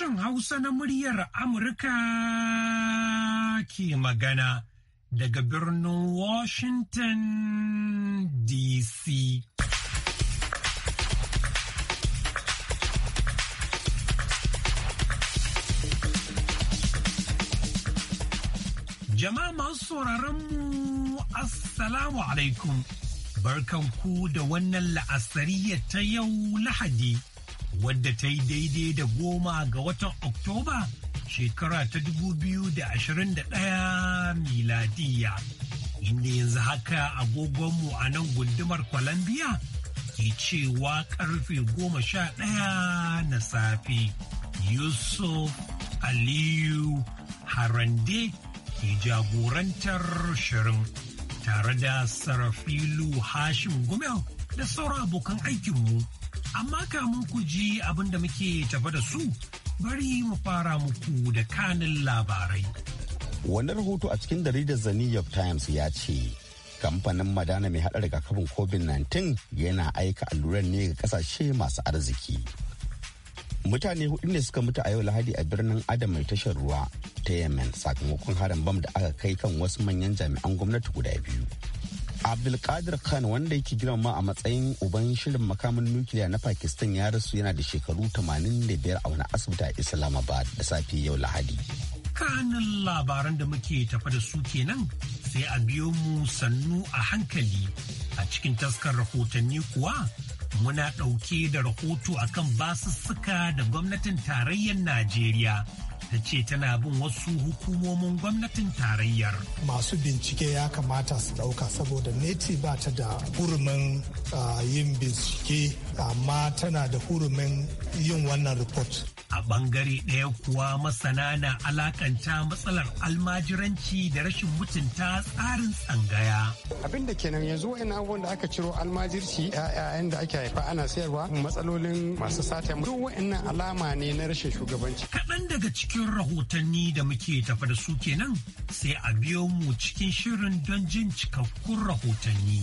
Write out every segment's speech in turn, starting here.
sashen Hausa na muryar Amurka ke magana daga birnin Washington DC. Jama'a masu mu Assalamu alaikum, barkanku da wannan la'asariya ta yau Lahadi. wadda ta yi daidai da goma ga watan Oktoba shekara ta 2021 miladiya. Inda yanzu haka agogonmu a nan gundumar Colombia ke cewa karfe goma sha ɗaya na safe. Yusuf Aliyu Harande ke jagorantar shirin tare da Sarafilu Hashim Gumel da sauran abokan aikinmu. Amma kamun ku ji abin da muke tafa da su bari mu fara muku da kanin labarai. Wani rahoto a cikin jaridar The New York Times ya ce, kamfanin madana mai haɗa rigakafin COVID-19 yana aika alluran ne ga kasashe masu arziki. Mutane hudu ne suka mutu a yau Lahadi a birnin Adam mai tashar ruwa ta Yemen sakamakon harin bam da aka kai kan wasu manyan jami'an gwamnati guda biyu. abdulkadir khan wanda yake girma a matsayin uban shirin makamin nukiliya na pakistan ya rasu yana da shekaru 85 a wani asibiti a islamabad da safe yau lahadi kanin labaran da muke tafa da su kenan sai a biyo mu sannu a hankali a cikin taskar rahotanni kuwa muna ɗauke da rahoto akan basussuka da gwamnatin tarayyar najeriya ta ce tana bin wasu hukumomin gwamnatin tarayyar. Masu bincike ya kamata su ɗauka saboda neti ba ta da hurumin ah, yin bincike amma tana da hurumin yin wannan report. a bangare ɗaya kuwa masana na alakanta matsalar almajiranci da rashin mutunta tsarin tsangaya. Abin da kenan yanzu wa'in abubuwan da aka ciro almajirci yayan da ake haifa ana sayarwa matsalolin masu sata duk wa'innan alama ne na rashin shugabanci. Kaɗan daga cikin rahotanni da muke tafa da su kenan sai a biyo mu cikin shirin don jin cikakkun rahotanni.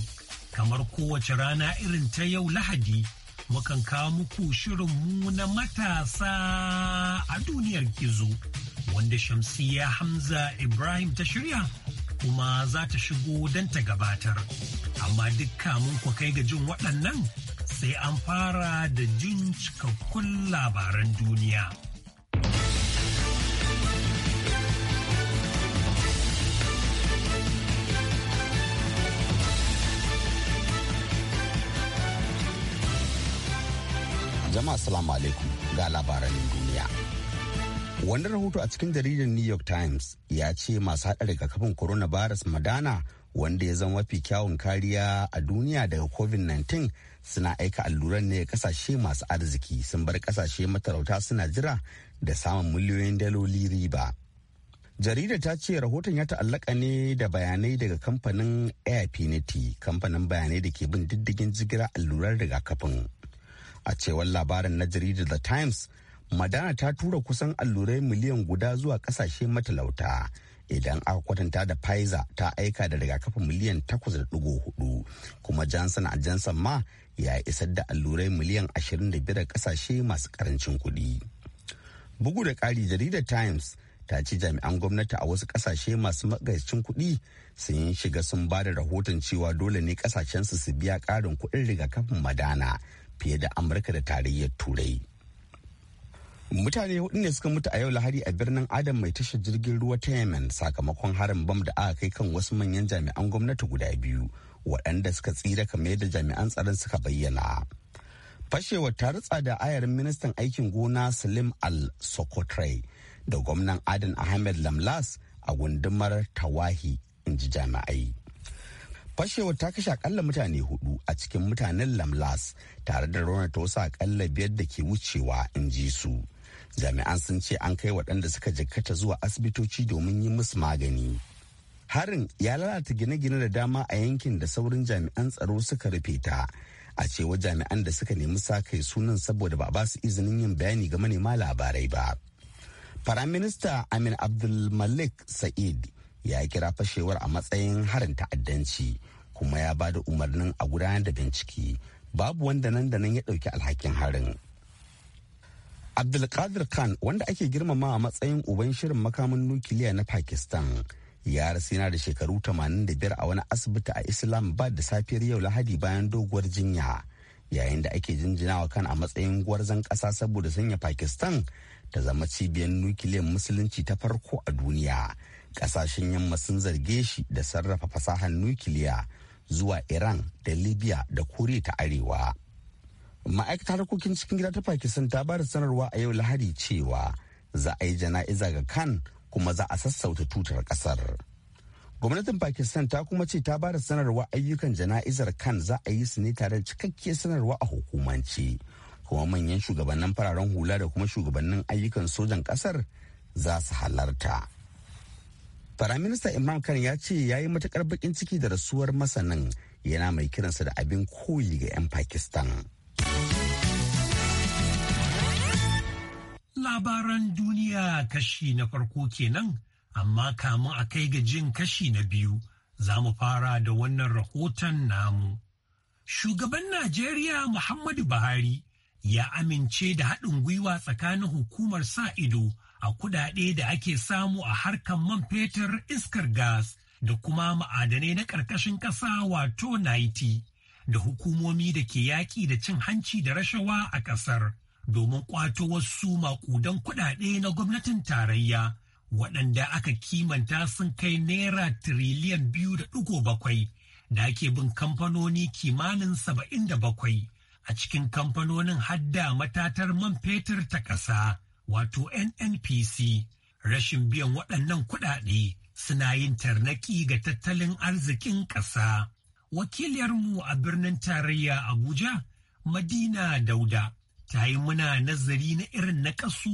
Kamar kowace rana irin ta yau Lahadi. mukan kawo muku mu na matasa a duniyar gizo wanda shamsiya hamza ibrahim ta shirya kuma za ta shigo don ta gabatar amma dukka mun ku kai ga jin waɗannan sai an fara da jin cikakkun labaran duniya. Jama'a salamu alaikum ga labaran duniya. Wani rahoto a cikin jaridar New York Times ya ce masu haɗa rigakafin coronavirus madana wanda ya zama mafi kyawun kariya a duniya daga covid-19 suna aika alluran ne kasashe masu arziki sun bar kasashe matarauta suna jira da samun miliyoyin daloli riba jaridar ta ce rahoton ya ta'allaka ne da bayanai daga kamfanin airfinity kamfanin bayanai da ke bin diddigin jigilar allurar rigakafin a cewar labarin na jaridar the times madana ta tura kusan allurai miliyan guda zuwa kasashe matalauta idan aka kwatanta da pfizer ta aika da rigakafi miliyan 8.4 kuma johnson a johnson ma ya isar da allurai miliyan 25 kasashe masu karancin kudi. bugu da ƙari jaridar times ta ci jami'an gwamnati a wasu kasashe masu magaicin kuɗi sun yi shiga sun ba da rahoton cewa dole ne kasashensu su biya ƙarin kuɗin rigakafin madana fiye da amurka da tarayyar turai mutane hudu ne suka mutu a yau lahari a birnin adam mai tashar jirgin ruwa ta yemen sakamakon harin bam da aka kai kan wasu manyan jami'an gwamnati guda biyu waɗanda suka tsira kamar da jami'an tsaron suka bayyana fashewar ta rutsa da ayarin ministan aikin gona salim al sokotrai da gwamnan adan ahmed lamlas a gundumar tawahi in ji jami'ai fashewar ta kashe akalla mutane hudu a cikin mutanen lamlas tare da ta wasu akalla biyar da ke wucewa in ji su jami'an sun ce an kai waɗanda suka jikkata zuwa asibitoci domin yi musu magani harin ya lalata gine-gine da dama a yankin da saurin jami'an tsaro suka rufe ta a cewa jami'an da suka nemi sa kai sunan saboda ba ba su izinin yin bayani ga manema labarai ba Firaminista Amin Abdulmalik Sa'id ya kira fashewar a matsayin harin ta'addanci kuma ya bada umarnin a gudanar da bincike babu wanda nan da nan ya ɗauki alhakin harin. Abdulkadir Khan wanda ake girmama a matsayin uban shirin makamin nukiliya na Pakistan ya rasu yana da shekaru 85 a wani asibiti a Islamabad da safiyar yau Lahadi bayan doguwar jinya yayin da ake jinjinawa kan a matsayin gwarzon ƙasa saboda sanya Pakistan ta zama cibiyar nukiliyar musulunci ta farko a duniya Kasashen yamma sun zarge shi da sarrafa fasahar nukiliya zuwa Iran da Libya da Koriya ta Arewa. Ma'aikatar harkokin cikin gida ta Pakistan ta bada sanarwa a yau Lahadi cewa za a yi jana'iza ga Khan kuma za a sassauta tutar kasar. Gwamnatin Pakistan ta kuma ce ta bada sanarwa ayyukan jana'izar Khan za a yi su ne tare da cikakkiyar sanarwa a hukumance. Kuma manyan shugabannin fararen hula da kuma shugabannin ayyukan sojan kasar za su halarta. Firaminista Imran Khan ya ce ya yi matukar bakin ciki da rasuwar masanin yana mai kiransa da abin koyi ga 'yan Pakistan. Labaran duniya kashi na farko kenan, amma kamun a kai ga jin kashi na biyu za mu fara da wannan rahoton namu. Shugaban Najeriya Muhammadu Buhari ya amince da haɗin gwiwa tsakanin hukumar sa ido a kudade da ake samu a harkar man fetur iskar gas da kuma ma'adanai na ƙarƙashin ƙasa wato naiti da hukumomi da ke yaƙi da cin hanci da rashawa a ƙasar domin ƙwato wasu maƙudan kuɗaɗe na gwamnatin tarayya waɗanda aka kimanta sun kai naira tiriliyan biyu da ɗigo bakwai da ake bin kamfanoni kimanin saba'in da bakwai a cikin kamfanonin hadda matatar man fetur ta ƙasa wato nnpc rashin biyan waɗannan kuɗaɗe suna yin tarnaki ga tattalin arzikin ƙasa wakiliyarmu a birnin tarayya abuja madina dauda ta yi muna nazari na irin na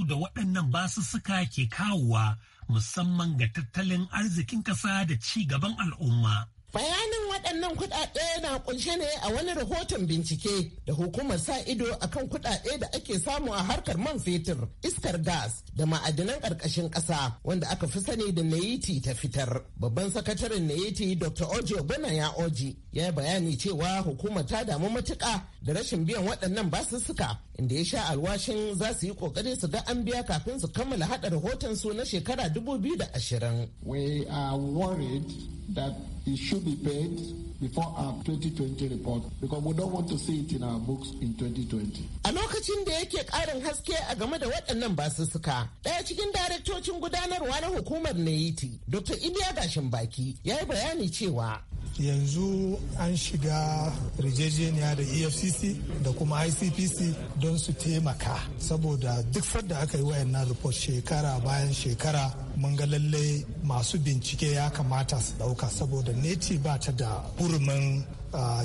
da waɗannan basussuka ke kawowa musamman ga tattalin arzikin ƙasa da ci gaban al'umma Bayanin waɗannan kuɗaɗe na kunshe ne a wani rahoton bincike da hukumar sa ido akan kuɗaɗe da ake samu a harkar man fetur, iskar gas da ma'adinan ƙarƙashin ƙasa wanda aka fi sani da Naiti ta fitar. Babban sakataren Naiti Dr. Oji Ogbena ya Oji ya yi bayani cewa hukumar ta damu matuƙa da rashin biyan waɗannan basussuka inda ya sha alwashin za su yi ƙoƙari su ga an biya kafin su kammala haɗa rahoton su na shekara 2020. We are worried that it should be paid before our uh, 2020 report because we don't want to see it in our books in 2020. A lokacin da yake karin haske a game da waɗannan basussuka, ɗaya cikin daraktocin gudanarwa na hukumar nayiti Dr. Iliya Gashin Baki, ya yi bayani cewa yanzu an shiga rijejeniya da efcc da kuma icpc don su taimaka saboda duk sadda aka yi wayannan report shekara bayan shekara mun ga lalle masu bincike ya kamata su ɗauka saboda neti ba ta da hurumin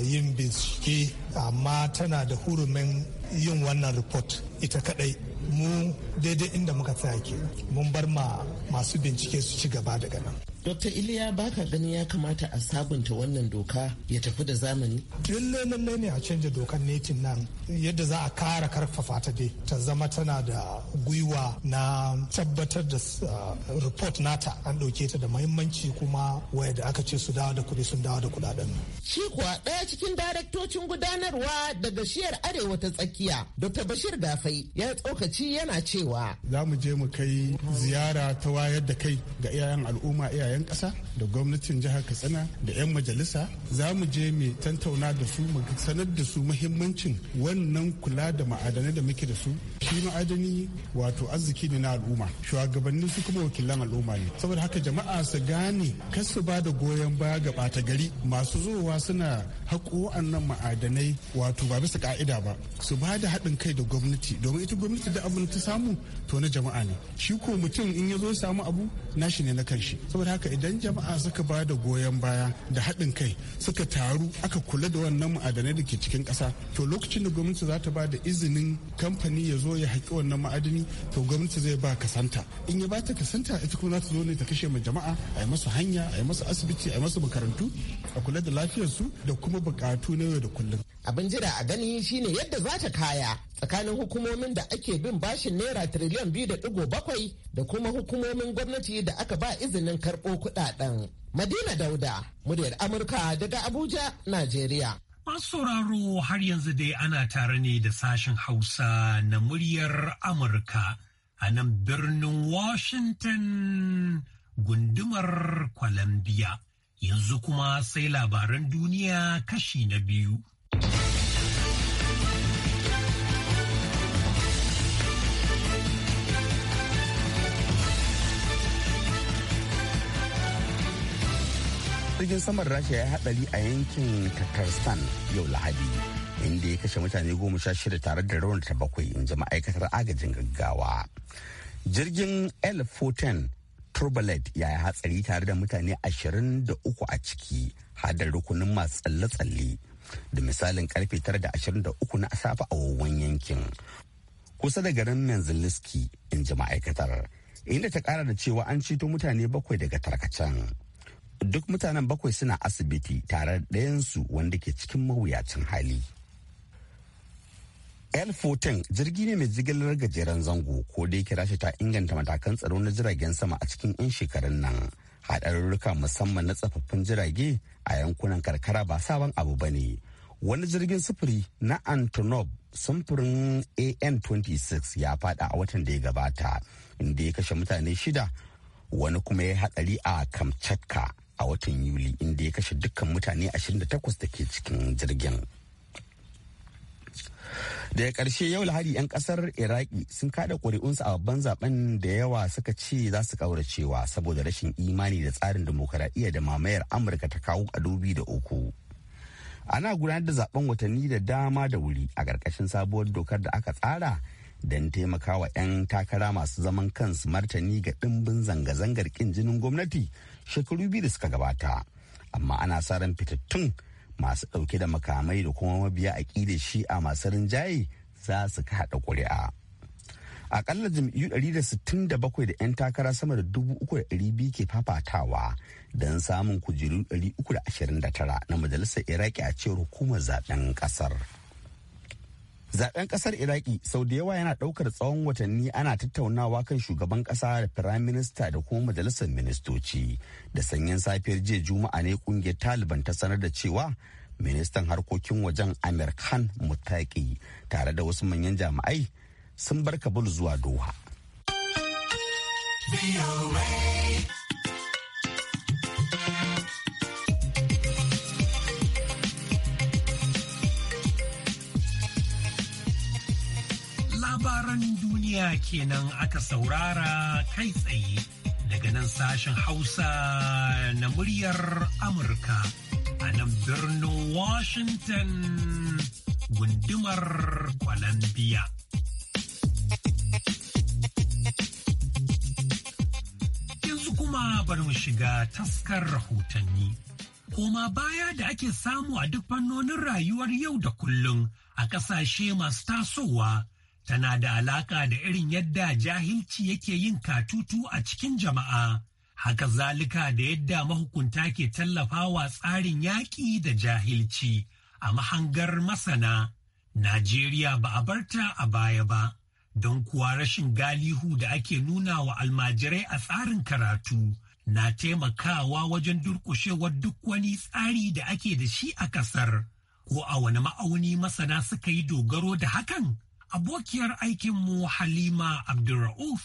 yin bincike amma tana da hurumin yin wannan report ita kadai mu daidai inda muka tsaya ke mun bar ma masu bincike su ci gaba daga nan Dr. Iliya baka gani ya kamata a sabunta wannan doka ya tafi da zamani? Lalle lalle ne a canja dokar netin nan yadda za a kara karfafa ta dai ta zama tana da gwiwa na tabbatar da uh, report nata an ɗauke ta da mahimmanci kuma waya da aka ce su dawo da kuɗi sun dawo da kuɗaɗen. Shi kuwa ɗaya cikin daraktocin gudanarwa daga shiyar arewa ta tsakiya Dr. Bashir Dafai ya tsokaci yana cewa. Za mu je mu kai ziyara ta wayar da kai ga iyayen al'umma iyayen 'yan ƙasa da gwamnatin jihar katsina da 'yan majalisa za mu je mu tantauna da su mu sanar da su muhimmancin wannan kula da ma'adanai da muke da su shi ma'adani wato arziki ne na al'umma shugabanni su kuma wakilan al'umma ne saboda haka jama'a su gane kar su ba da goyon baya ga ɓata gari masu zuwa suna haƙo wa'annan ma'adanai wato ba bisa ka'ida ba su ba da haɗin kai da gwamnati domin ita gwamnati da abin ta samu to na jama'a ne shi ko mutum in ya zo samu abu nashi ne na kanshi saboda haka idan jama'a suka ba da goyon baya da haɗin kai suka taru aka kula da wannan ma'adanai da ke cikin ƙasa to lokacin da gwamnati za ta ba da izinin kamfani ya zo ya haƙi wannan ma'adani to gwamnati zai ba kasanta in ya ba ta kasanta ita kuma za ta zo ne ta kashe ma jama'a a yi masu hanya a yi masu asibiti a yi masu makarantu a kula da lafiyarsu da kuma buƙatu na yau da kullum abin jira a gani shine yadda za ta kaya tsakanin hukumomin da ake bin bashin naira triliyan biyu da digo bakwai da kuma hukumomin gwamnati da aka ba izinin karɓo kuɗaɗen. Madina Dauda, muryar Amurka daga Abuja, Najeriya. Masu sauraro har yanzu dai ana tare ne da sashen Hausa na muryar Amurka a nan birnin Washington gundumar Columbia. Yanzu kuma sai labaran duniya kashi na biyu. jirgin saman rasha ya haɗari a yankin tatarstan yau lahadi inda ya kashe mutane goma sha shida tare da rawan ta bakwai in ji ma'aikatar agajin gaggawa jirgin l-14 turbulet ya yi hatsari tare da mutane ashirin da uku a ciki hadar rukunin masu tsalle-tsalle da misalin karfe 9:23 na safe a wawan yankin kusa da garin menzilski in ji ma'aikatar inda ta kara da cewa an ceto mutane bakwai daga tarkacen duk mutanen bakwai suna asibiti tare da ɗayansu wanda ke cikin mawuyacin hali L-14 jirgi ne mai jigilar gajeren zango ko da yake ta inganta matakan tsaro na jiragen sama a cikin 'yan shekarun nan haɗarurruka musamman na tsafaffin jirage a yankunan karkara ba sabon abu ba ne wani jirgin sufuri na antonov sumfurin an-26 ya fada a watan da ya gabata inda ya kashe mutane shida wani kuma ya hatsari a kamchatka a watan yuli inda ya kashe dukkan mutane 28 da ke cikin jirgin daga ƙarshe yau lahadi 'yan ƙasar iraki sun kada ƙuri'unsu a babban zaben da yawa suka ce za su ƙauracewa saboda rashin imani da tsarin demokaradiyya da mamayar amurka ta kawo a dubi da uku ana gudanar da zaben watanni da dama da wuri a ƙarƙashin sabuwar dokar da aka tsara don taimakawa 'yan takara masu zaman kansu martani ga ɗimbin zanga-zangar ƙin jinin gwamnati shekaru biyu da suka gabata amma ana sa ran fitattun masu ɗauke da makamai da kuma mabiya a shi a masu rinjaye za su haɗa ƙuri'a. Akalla jam'iyyu 167 da 'yan takara sama da 3,200 ke fafatawa don samun kujeru 329 na majalisar Iraki a cewar hukumar zaben ƙasar. Zaben kasar Iraki sau da yawa yana daukar tsawon watanni ana tattaunawa kan shugaban kasa da firayim minista da kuma majalisar ministoci. Da sanyin safiyar jiya juma'a ne kungiyar Taliban ta sanar da cewa ministan harkokin wajen Amir Khan Mutaki tare da wasu manyan jami'ai sun bar Kabul zuwa Doha. labaran duniya kenan aka saurara kai tsaye daga nan sashen Hausa na muryar Amurka a nan birnin Washington gundumar Columbia. Yanzu kuma bari mu shiga taskar rahotanni. Koma baya da ake samu a duk fannonin rayuwar yau da kullum a ƙasashe masu tasowa tana da alaka da irin yadda jahilci yake yin katutu a cikin jama'a, haka zalika da yadda mahukunta ke tallafawa tsarin yaƙi da jahilci a mahangar masana. Najeriya ba a barta a baya ba, don kuwa rashin galihu da ake nuna wa almajirai a tsarin karatu na taimakawa wajen durƙushewar duk wani tsari da ake da shi a ƙasar, ko a wani ma'auni masana suka yi dogaro da hakan. abokiyar aikinmu Halima Abdulra'uf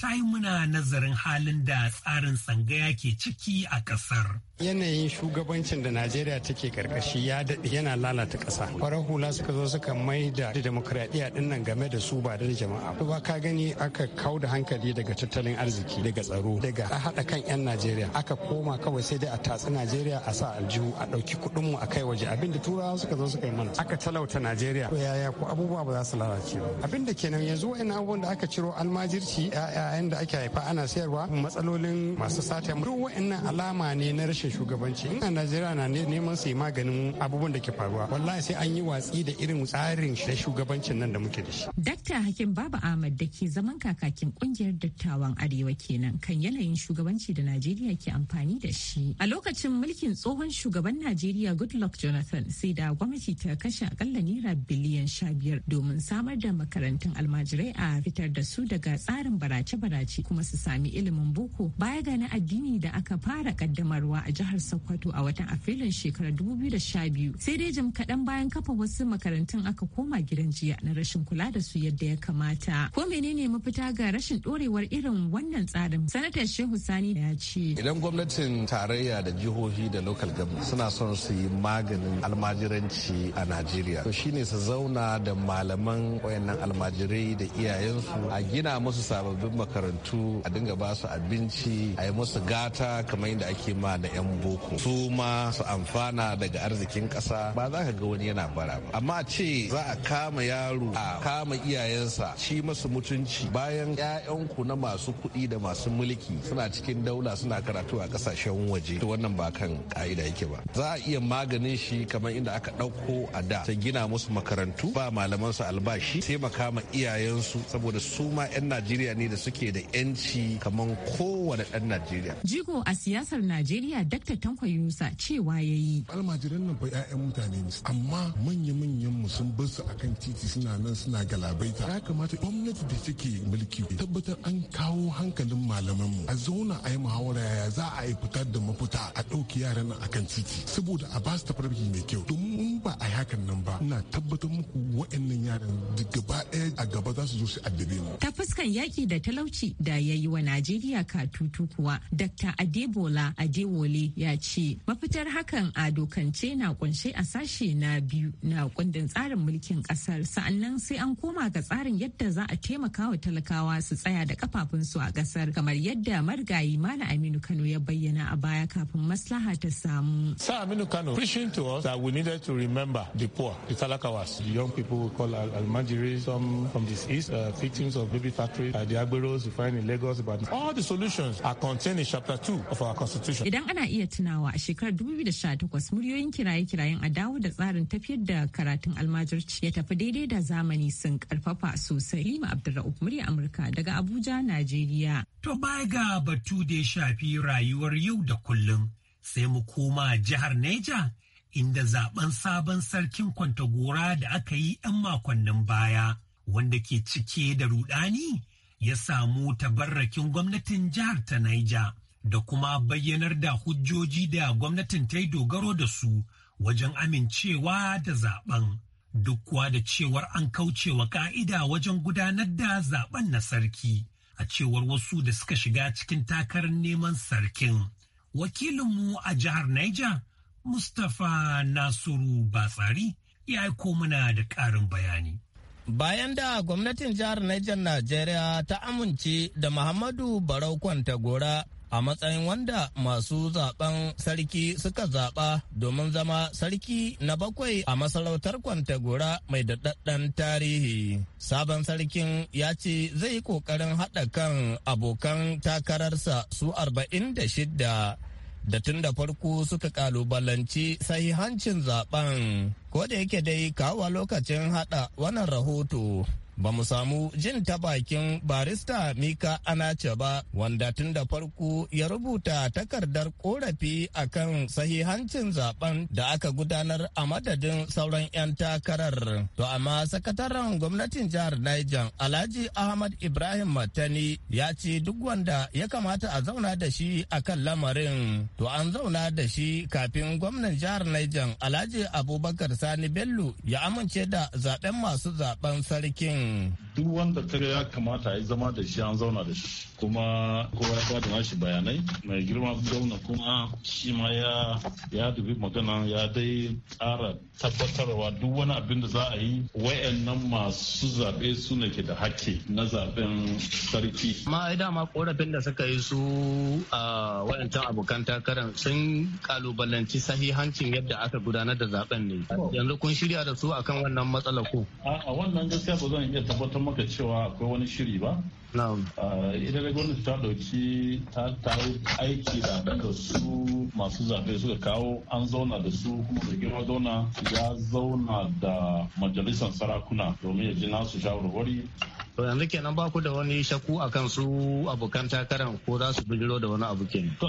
ta yi muna nazarin halin da tsarin tsangaya ke ciki a ƙasar. Yanayin shugabancin da Najeriya take karkashi ya daɗe yana lalata ƙasa. Farar hula suka zo suka mai da demokradiyya din nan game da su ba da jama'a. Ba ka gani aka kau da hankali daga tattalin arziki, daga tsaro, daga a haɗa kan 'yan Najeriya. Aka koma kawai sai dai a tatsi Najeriya a sa aljihu a ɗauki mu a kai waje abin da turawa suka zo suka yi mana. Aka talauta Najeriya. Yaya ko abubuwa ba za su lalace ba. Abin da kenan yanzu wa'in abubuwan da aka ciro almajirci 'ya'ya yayin da ake haifa ana sayarwa matsalolin masu sata duk wa'annan alama ne na rashin shugabanci in a najeriya na neman su maganin abubuwan da ke faruwa wallahi sai an yi watsi da irin tsarin shugabancin nan da muke da shi dakta hakim babu ahmad da ke zaman kakakin kungiyar dattawan arewa kenan kan yanayin shugabanci da najeriya ke amfani da shi a lokacin mulkin tsohon shugaban najeriya goodluck jonathan sai da gwamnati ta kashe akalla naira biliyan sha biyar domin samar da makarantun almajirai a fitar da su daga tsarin barace barace-barace kuma su sami ilimin boko baya ga na addini da aka fara kaddamarwa a jihar Sokoto a watan Afrilun shekarar 2012 sai dai jim kaɗan bayan kafa wasu makarantun aka koma gidan jiya na rashin kula da su yadda ya kamata. Ko menene mafita ga rashin dorewar irin wannan tsarin? Sanatar Shehu Sani ya ce. Idan gwamnatin tarayya da jihohi da local government suna son su yi maganin almajiranci a Najeriya. To shine su zauna da malaman wayannan almajirai da iyayensu a gina musu sababbin makarantu a dinga ba su abinci a yi musu gata kamar yadda ake ma na 'yan boko su ma su amfana daga arzikin ƙasa ba za ka ga wani yana bara ba amma a ce za a kama yaro a kama iyayensa shi masu mutunci bayan 'ya'yanku na masu kuɗi da masu mulki suna cikin daula suna karatu a ƙasashen waje to wannan ba kan ka'ida yake ba za a iya maganin shi kamar inda aka ɗauko a da ta gina musu makarantu ba malamansu albashi sai ma iyayensu saboda su ma 'yan najeriya ne da suke yake da yanci kamar kowane ɗan Najeriya. Jigo a siyasar Najeriya Dr. Tanko Yusa cewa ya yi. Almajiran nan fa 'ya'yan mutane ne amma manya-manyan mu sun bar su akan titi suna nan suna galabaita. Ya kamata gwamnati da take mulki tabbatar an kawo hankalin malaman mu. A zauna a yi muhawara yaya za a yi fitar da mafita a ɗauki yaran nan akan titi saboda a ba su tafarki mai kyau. Domin ba a yi hakan nan ba ina tabbatar muku wa'annan yaran gaba ɗaya a gaba za su zo su addabe mu. Ta fuskan yaki da talauci talauci da ya yi wa Najeriya katutu kuwa Dr. Adebola Adewole ya ce mafitar hakan a dokance na kunshe a sashe na biyu na kundin tsarin mulkin kasar sa'annan sai an koma ga tsarin yadda za a taimaka wa talakawa su tsaya da kafafunsu a kasar kamar yadda marigayi Malam Aminu Kano ya bayyana a baya kafin maslaha ta samu. Sir Aminu Kano preaching to us that we needed to remember the poor, the talakawas, the young people called al some from this east, uh, victims of baby factory, uh, the Agbero Heroes Refinery Lagos but all the solutions are contained in chapter 2 of our constitution. Idan ana iya tunawa a shekarar 2018 muryoyin kiraye-kirayen a dawo da tsarin tafiyar da karatun almajirci ya tafi daidai da zamani sun karfafa sosai. Lima Abdulrahman murya Amurka daga Abuja, Najeriya. To baya ga batu da ya shafi rayuwar yau da kullum sai mu koma jihar Neja inda zaben sabon sarkin kwantagora da aka yi 'yan makonnin baya wanda ke cike da rudani ya samu tabarrakin gwamnatin jihar ta Naija da kuma bayyanar da hujjoji da gwamnatin ta yi dogaro da su wajen amincewa da zaben. Duk kuwa da cewar an kaucewa ka'ida wajen gudanar da zaben na sarki, a cewar wasu da suka shiga cikin takarar neman sarkin. Wakilinmu a jihar Niger, Mustapha Nasiru Batsari, ya aiko mana da ƙarin bayani. Bayan da gwamnatin jihar Niger Najeriya ta amince da Muhammadu Barau Kwantagora a matsayin wanda masu zaben sarki suka zaba domin zama sarki na bakwai a masarautar Kwantagora mai daɗaɗɗen tarihi. Sabon sarkin ya ce zai yi ƙoƙarin haɗa kan abokan takararsa su arba'in da shidda. da tun da farko suka kalubalanci sahihancin zaben ko da yake dai kawo lokacin hada wannan rahoto ba mu samu jin ta bakin barista Mika Anace ba wanda tun da farko ya rubuta takardar korafi akan sahihancin zaben da aka gudanar a madadin sauran 'yan takarar. To amma sakataren gwamnatin jihar Niger Alhaji Ahmad Ibrahim Matani ya ce duk wanda ya kamata a zauna da shi akan lamarin. To an zauna da shi kafin gwamnan jihar Niger Alhaji Abubakar Sani Bello ya amince da zaben masu zaben sarkin. Mm. duk wanda kare ya kamata ya zama da shi an zauna da shi kuma kowa ya bada nashi bayanai mai girma zauna kuma shi ma ya dubi magana ya dai tsara tabbatarwa duk wani abin da za a yi wayannan masu zaɓe su ne ke da hakki na zaɓen sarki ma ai dama korafin da suka yi su a waɗancan abokan takarar sun kalubalanci sahihancin yadda aka gudanar da zaben ne yanzu kun shirya da su akan wannan matsalar ko a wannan gaskiya ba zan iya tabbatar maka cewa akwai wani shiri ba ah, ita da gwamnati ta dauki ta aiki da su masu zaɓe suka kawo an zauna da su kuma da girma zauna ya zauna da majalisar sarakuna domin ya ji nasu shawarwari to yanzu kenan ba ku da wani shakku akan su abokan takaran ko za su bijiro da wani abu kenan to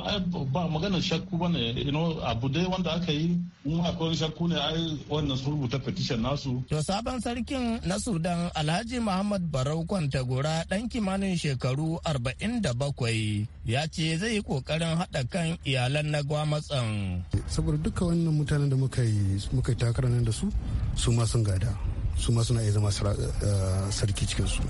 ba maganar shakku bane you know abu dai wanda aka yi mu akwai shakku ne ai wannan sun rubuta petition nasu to sabon sarkin na Sudan Alhaji Muhammad Barau Kwantagora dan kimanin shekaru 47 ya ce zai yi kokarin haɗa kan iyalan na gwamatsan saboda duka wannan mutanen da muka yi muka yi da su su ma sun gada su ma suna iya zama eh, sarki cikin su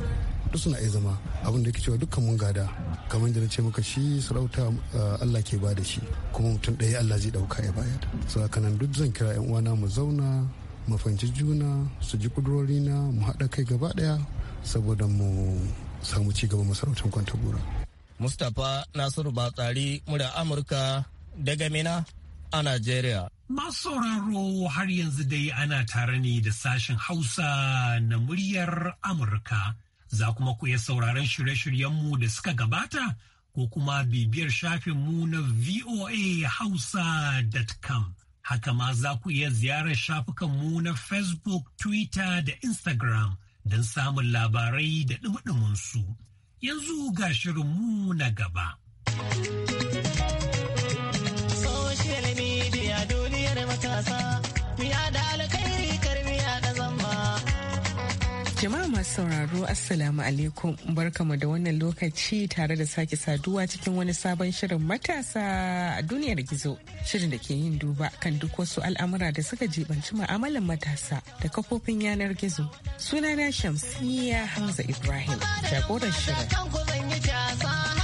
duk suna iya zama abin da yake cewa dukkan mun gada kamar da na ce maka shi sarauta eh, Allah ke ba da shi kuma mutum ɗaya Allah zai ɗauka ya bayar so nan duk zan kira 'yan uwana mu zauna mu fahimci juna su ji na mu haɗa kai gaba ɗaya saboda mu samu ci gaba masarautar gura. Mustapha Nasiru Batsari murya Amurka daga Mina a Najeriya. Masu sauraro har yanzu dai ana tare ne da sashen Hausa na muryar Amurka. Za kuma ku iya sauraron shirye-shiryenmu da suka gabata ko kuma bibiyar shafinmu na voa Hausa.com. Haka ma za ku iya ziyarar shafukanmu na Facebook, Twitter da Instagram don samun labarai da ɗumɗuminsu. Yanzu ga shirinmu na gaba. Jama'a masu sauraro Assalamu alaikum barkamu da wannan lokaci tare da sake saduwa cikin wani sabon shirin matasa a duniyar gizo. Shirin da ke yin duba kan duk wasu al'amura da suka jibanci ma'amalan matasa da kafofin yanar gizo. Sunana Shamsiyya Hamza Ibrahim, jagoran shirin.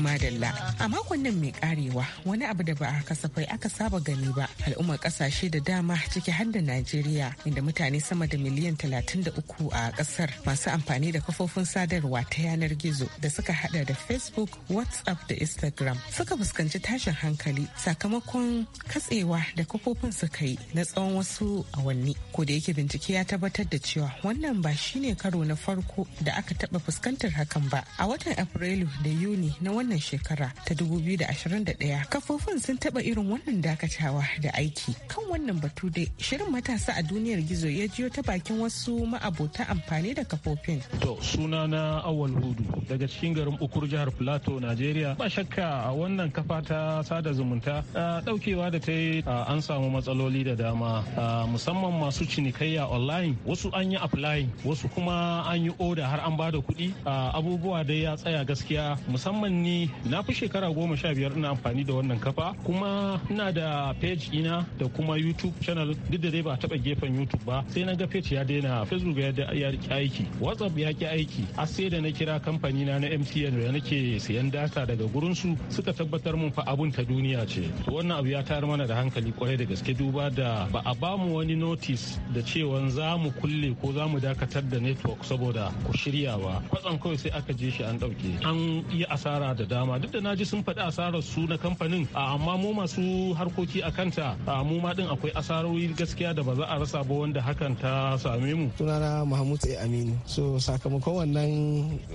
madalla a makon nan mai karewa wani abu da ba a kasafai aka saba gani ba al'ummar kasashe da dama ciki har da najeriya inda mutane sama da miliyan 33 a kasar masu amfani da kafofin sadarwa ta yanar gizo da suka hada da facebook whatsapp da instagram suka fuskanci tashin hankali sakamakon katsewa da kafofin suka yi na tsawon wasu awanni ko da yake bincike ya tabbatar da cewa wannan ba shine karo na farko da aka taba fuskantar hakan ba a watan afrilu da yuni na wani wannan shekara ta 2021 kafofin sun taba irin wannan dakatawa da aiki kan wannan batu dai shirin matasa a duniyar gizo ya jiyo ta bakin wasu ma'abota amfani da kafofin to suna na awal hudu daga cikin garin ukur jihar plateau nigeria ba shakka a wannan kafa ta sada zumunta daukewa da ta yi an samu matsaloli da dama musamman masu cinikayya online wasu an yi apply wasu kuma an yi oda har an ba da kuɗi abubuwa dai ya tsaya gaskiya musamman ni na fi shekara goma sha biyar ina amfani da wannan kafa kuma ina da page ina da kuma youtube channel duk da dai ba taba gefen youtube ba sai na ga page ya daina facebook ya ki aiki whatsapp ya ki aiki a sai da na kira kamfani na na mtn da nake sayan data daga gurin su suka tabbatar mun fa abun ta duniya ce wannan abu ya tayar mana da hankali kwarai da gaske duba da ba a bamu wani notice da cewa za mu kulle ko za mu dakatar da network saboda ku shirya ba kwatsam kawai sai aka je shi an dauke an yi asara da dama duk da naji sun faɗi asarar su na kamfanin amma mu masu harkoki a kanta mu ma din akwai asarori gaskiya da ba za a rasa ba wanda hakan ta same mu sunana mahmud a aminu so sakamakon wannan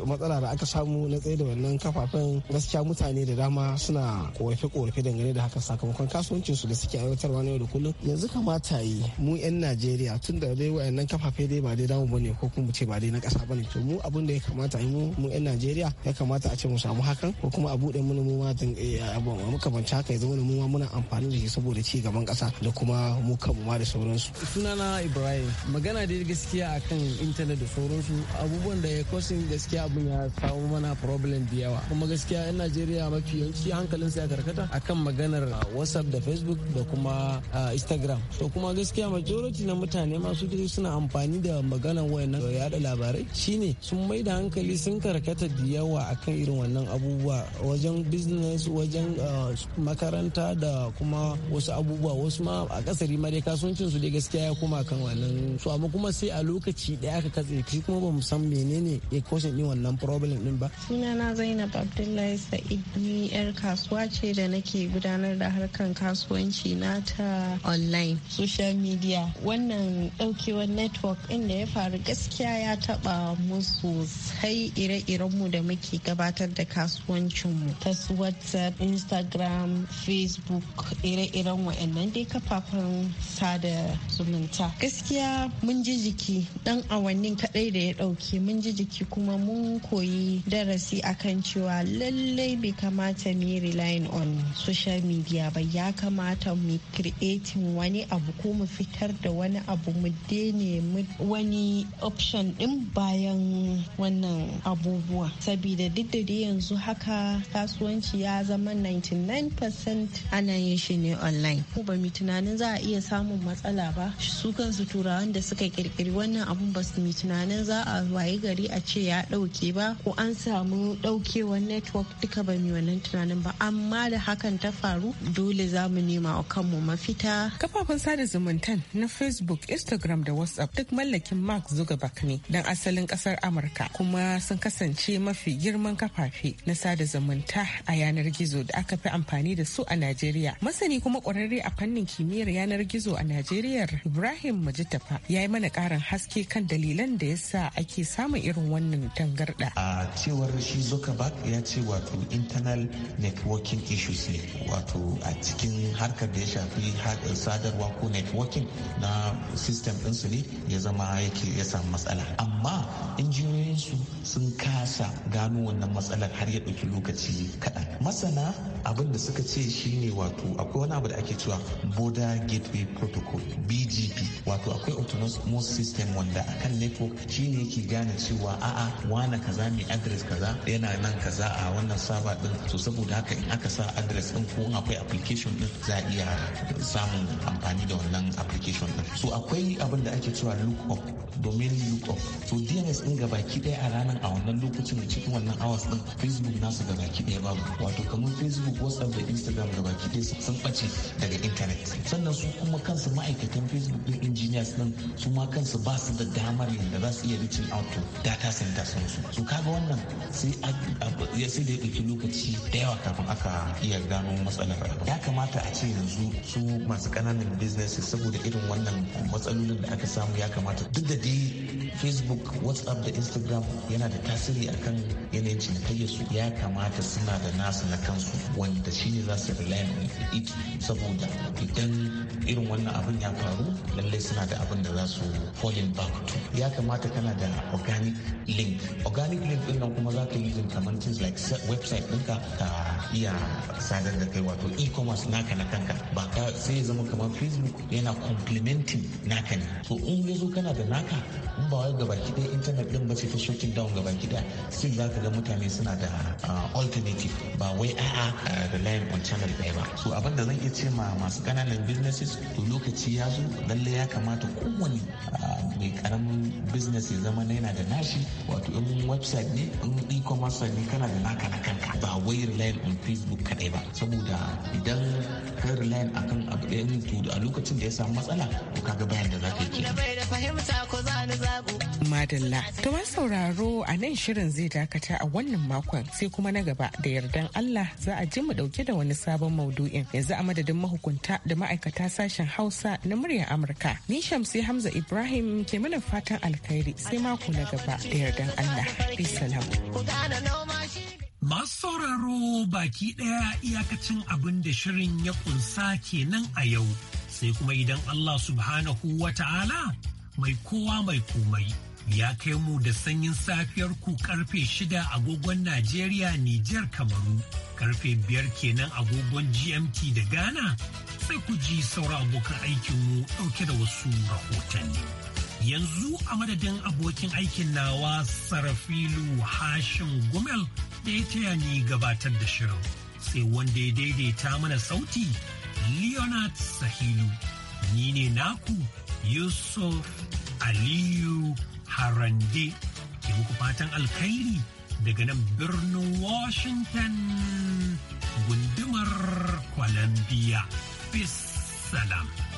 matsala da aka samu na tsaye da wannan kafafen gaskiya mutane da dama suna korafe korafe dangane da haka sakamakon kasuwancin su da suke aiwatarwa na yau da kullum yanzu kamata yi mu yan najeriya tun da dai wayannan kafafe dai ba dai damu bane ko kuma ce ba dai na kasa bane to mu abin da ya kamata yi mu mu yan najeriya ya kamata a ce mu samu hakan ko kuma a buɗe mana mu ma eh, makamanci haka ya zama muma muna amfani da shi saboda ci gaban ƙasa da kuma mu kanmu ma da sauransu. sunana ibrahim magana da gaskiya akan intanet da sauransu abubuwan da ya kosin gaskiya abin ya samu mana problem da yawa kuma gaskiya yan najeriya mafi yawanci hankalin ya karkata akan maganar ah, whatsapp da facebook da kuma ah, instagram to kuma gaskiya majority na mutane masu dai suna amfani da maganar wayannan yada labarai shine sun mai da hankali sun karkata da yawa akan irin wannan abubuwa duba wajen business wajen uh, makaranta da kuma wasu abubuwa wasu ma a kasari ma dai kasuwancin su dai gaskiya ya koma kan wannan su amma kuma sai a lokaci daya aka katse shi kuma ba mu san menene ya kawo din wannan problem din ba sunana Zainab Abdullahi Sa'id ni yar kasuwa ce da nake gudanar da harkan kasuwanci na ta online social media wannan daukewar network inda ya faru gaskiya ya taba musu sosai ire-iren mu da muke gabatar da kasuwanci mu ta su whatsapp instagram facebook ire-iren wa'annan dai kafafen sada zumunta gaskiya mun ji jiki dan awannin kadai da ya dauke mun ji jiki kuma mun koyi darasi a kan cewa lallai bai kamata mu yi relying on social media ba ya kamata mu creating wani abu ko mu fitar da wani abu mu dene wani option din bayan wannan abubuwa sabida duk da yanzu haka haka kasuwanci ya zama 99% ana yin shi ne online ko ba mu tunanin za a iya samun matsala ba su kansu turawan da suka kirkiri wannan abun ba su tunanin za a wayi gari a ce ya dauke ba ko an samu daukewar network duka ba mu wannan tunanin ba amma da hakan ta faru dole za mu nema a kanmu mafita kafafen sada zumunta na facebook instagram da whatsapp duk mallakin mark zuckerberg ne dan asalin kasar amurka kuma sun kasance mafi girman kafafe na sada zumunta a yanar gizo da aka fi amfani da su a Najeriya. Masani kuma ƙwararre a fannin kimiyyar yanar gizo a Najeriya Ibrahim Majitafa ya yi mana ƙarin haske kan dalilan da ya sa ake samun irin wannan dangarɗa. A cewar shi Zuckerberg ya ce wato internal networking issues ne wato a cikin harkar da ya shafi sadarwa ko networking na system ɗinsu ne ya zama yake ya samu matsala. Amma injiniyoyinsu sun kasa gano wannan matsalar har ya ɗauki ɗauki lokaci kaɗan masana abin da suka ce shine wato akwai wani abu da ake cewa border gateway protocol bgp wato akwai autonomous system wanda akan network shine yake gane cewa a'a wana kaza mai address kaza yana nan kaza a wannan saba din to saboda haka in aka sa address din ko akwai application din za a iya samun amfani da wannan application din so akwai abin da ake cewa lookup domin lookup so dns din gabaki ɗaya a ranar a wannan lokacin cikin wannan hours din facebook na su ga baki ɗaya babu wato kamar facebook whatsapp da instagram ga baki ɗaya sun ɓace daga intanet sannan su kuma kansu ma'aikatan facebook ɗin engineers nan su ma kansu ba su da damar yadda za su iya reaching out to data center sun su su kaga wannan sai ya sai da ya ɗauki lokaci da yawa kafin aka iya gano matsalar ya kamata a ce yanzu su masu ƙananan businesses saboda irin wannan matsalolin da aka samu ya kamata duk da dai facebook whatsapp da instagram yana da tasiri akan yanayin cinikayyar su ya kamata suna da nasu na kansu wanda shine za su rely on it saboda idan irin wannan abin ya faru lallai suna da abin da za su falling back to ya kamata kana da organic link organic link din nan kuma za ka yi link kamar things like website ɗinka ka iya sadar da kai wato e-commerce naka na kanka ba ka sai zama kamar facebook yana complementing naka ne to in ya kana da naka in ba wai gaba kida intanet ɗin ba ce ta shutting down gabaki ɗaya sai za ka ga mutane suna da ah, alternative ba wai a'a ah, da line on channel ɗaya ba so abin da zan iya ce ma masu kananan businesses to lokaci ya zo lalle ya kamata kowane ah, mai karamin business ya zama yana da nashi wato in website ne in e-commerce ne kana da naka na kanka ba wai relying on facebook kaɗai ba saboda idan ka relying akan abu ɗaya to a lokacin da ya samu matsala to kaga bayan da za ka yi kenan. Madalla. To sauraro a nan shirin zai dakata a wannan makon sai kuma na gaba da yardan Allah za a ji mu dauke da wani sabon maudu'in yanzu a madadin mahukunta da ma'aikata sashen Hausa na muryar Amurka. Ni Shamsi Hamza Ibrahim ke mana fatan alkhairi sai mako na gaba da yardan Allah. Bisalam. Masu sauraro baki ɗaya iyakacin abin da shirin ya kunsa kenan a yau sai kuma idan Allah subhanahu wa ta'ala mai kowa mai komai ya kai mu da sanyin safiyar ku karfe shida agogon Najeriya Nijar Kamaru karfe biyar kenan agogon GMT da Ghana sai ku ji sauran abokan aikin mu dauke da wasu rahotanni. Yanzu a madadin abokin aikin nawa Sarafilu Hashim Gumel da ya taya ni gabatar da shirin sai wanda ya daidaita mana sauti Leonard Sahilu. Ni ne naku Yusuf Aliyu Harande ke muku fatan alkhairi daga nan birnin Washington gundumar Columbia. Peace salam.